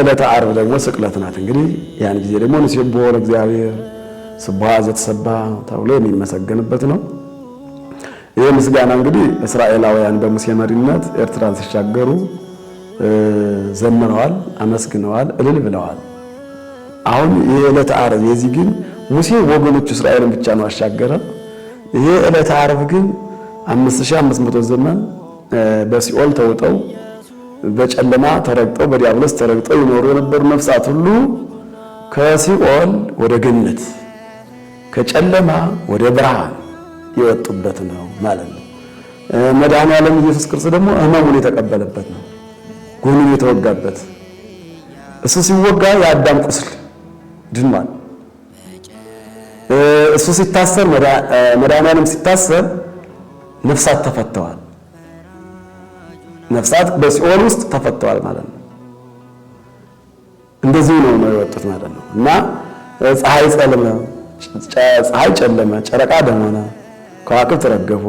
ዕለተ ዓርብ ደግሞ ስቅለት ናት። እንግዲህ ያን ጊዜ ደግሞ ንሴብሖ ለእግዚአብሔር ስብሐ ዘተሰብሐ ተብሎ የሚመሰገንበት ነው። ይህ ምስጋና እንግዲህ እስራኤላውያን በሙሴ መሪነት ኤርትራን ሲሻገሩ ዘምረዋል፣ አመስግነዋል፣ እልል ብለዋል። አሁን የዕለተ ዓርብ የዚህ ግን ሙሴ ወገኖቹ እስራኤልን ብቻ ነው አሻገረ። ይሄ ዕለተ ዓርብ ግን 5500 ዘመን በሲኦል ተውጠው በጨለማ ተረግጠው በዲያብሎስ ተረግጠው ይኖሩ የነበሩ ነፍሳት ሁሉ ከሲኦል ወደ ገነት ከጨለማ ወደ ብርሃን የወጡበት ነው ማለት ነው። መድኃኔ ዓለም ኢየሱስ ክርስቶስ ደግሞ ሕመሙን የተቀበለበት ነው፣ ጎኑን የተወጋበት እሱ ሲወጋ የአዳም ቁስል ድኗል። እሱ ሲታሰር መድኃኔ ዓለም ሲታሰር ነፍሳት ተፈተዋል። ነፍሳት በሲኦል ውስጥ ተፈተዋል ማለት ነው። እንደዚህ ነው ነው የወጡት ማለት ነው። እና ፀሐይ ጸለመ፣ ፀሐይ ጨለመ፣ ጨረቃ ደመነ፣ ሆነ፣ ከዋክብት ረገፉ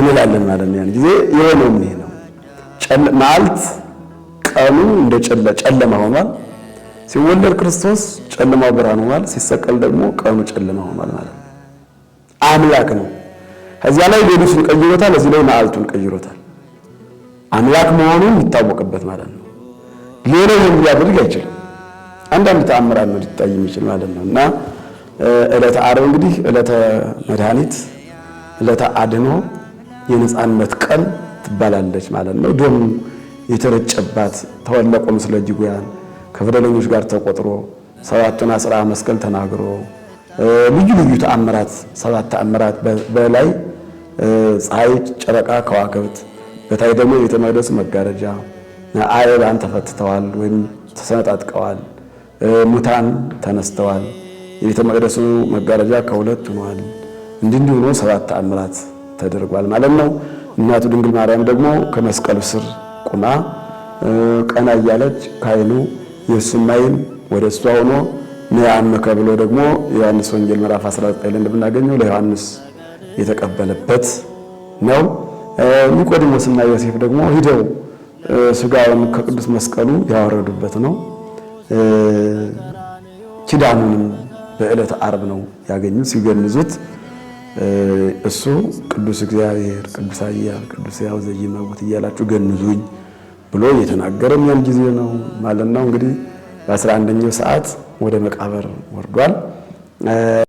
እንላለን ማለት ነው። ያን ጊዜ የሆነውም ይሄ ነው። መዓልት ቀኑ እንደ ጨለማ ሆኗል። ሲወለድ ክርስቶስ ጨለማው ብርሃን ሆኗል። ሲሰቀል ደግሞ ቀኑ ጨለማ ሆኗል ማለት ነው። አምላክ ነው። ከዚያ ላይ ሌሊቱን ቀይሮታል፣ እዚህ ላይ መዓልቱን ቀይሮታል። አምላክ መሆኑ ይታወቅበት ማለት ነው። ሌላ ይህን ሊያደርግ አይችልም። አንዳንድ ተአምራት ነው ሊታይ የሚችል ማለት ነው እና ዕለተ ዓርብ እንግዲህ ዕለተ መድኃኒት ዕለተ አድኖ የነፃነት ቀን ትባላለች ማለት ነው። ደም የተረጨባት ተወለቆ ምስለ እጅጉያን ከበደለኞች ጋር ተቆጥሮ ሰባቱን አስራ መስቀል ተናግሮ ልዩ ልዩ ተአምራት ሰባት ተአምራት በላይ ፀሐይ፣ ጨረቃ፣ ከዋክብት በታይ ደግሞ የቤተ መቅደስ መጋረጃ አይባን ተፈትተዋል ወይም ተሰነጣጥቀዋል። ሙታን ተነስተዋል። የቤተ መቅደሱ መጋረጃ ከሁለት ሆኗል። እንዲህ እንዲህ ሆኖ ሰባት ተአምራት ተደርጓል ማለት ነው። እናቱ ድንግል ማርያም ደግሞ ከመስቀሉ ስር ቁማ ቀና እያለች ከኃይሉ የእሱም ዓይን ወደ እሷ ሆኖ ነአምከ ብሎ ደግሞ የዮሐንስ ወንጌል ምዕራፍ 19 ላይ እንደምናገኘው ለዮሐንስ የተቀበለበት ነው። ኒቆዲሞስና ዮሴፍ ደግሞ ሂደው ስጋውን ከቅዱስ መስቀሉ ያወረዱበት ነው። ኪዳኑንም በእለት ዓርብ ነው ያገኙት። ሲገንዙት እሱ ቅዱስ እግዚአብሔር ቅዱስ አያል ቅዱስ ሕያው ዘኢይመውት እያላችሁ ገንዙኝ ብሎ እየተናገረም ያን ጊዜ ነው ማለት ነው። እንግዲህ በአስራ አንደኛው ሰዓት ወደ መቃብር ወርዷል።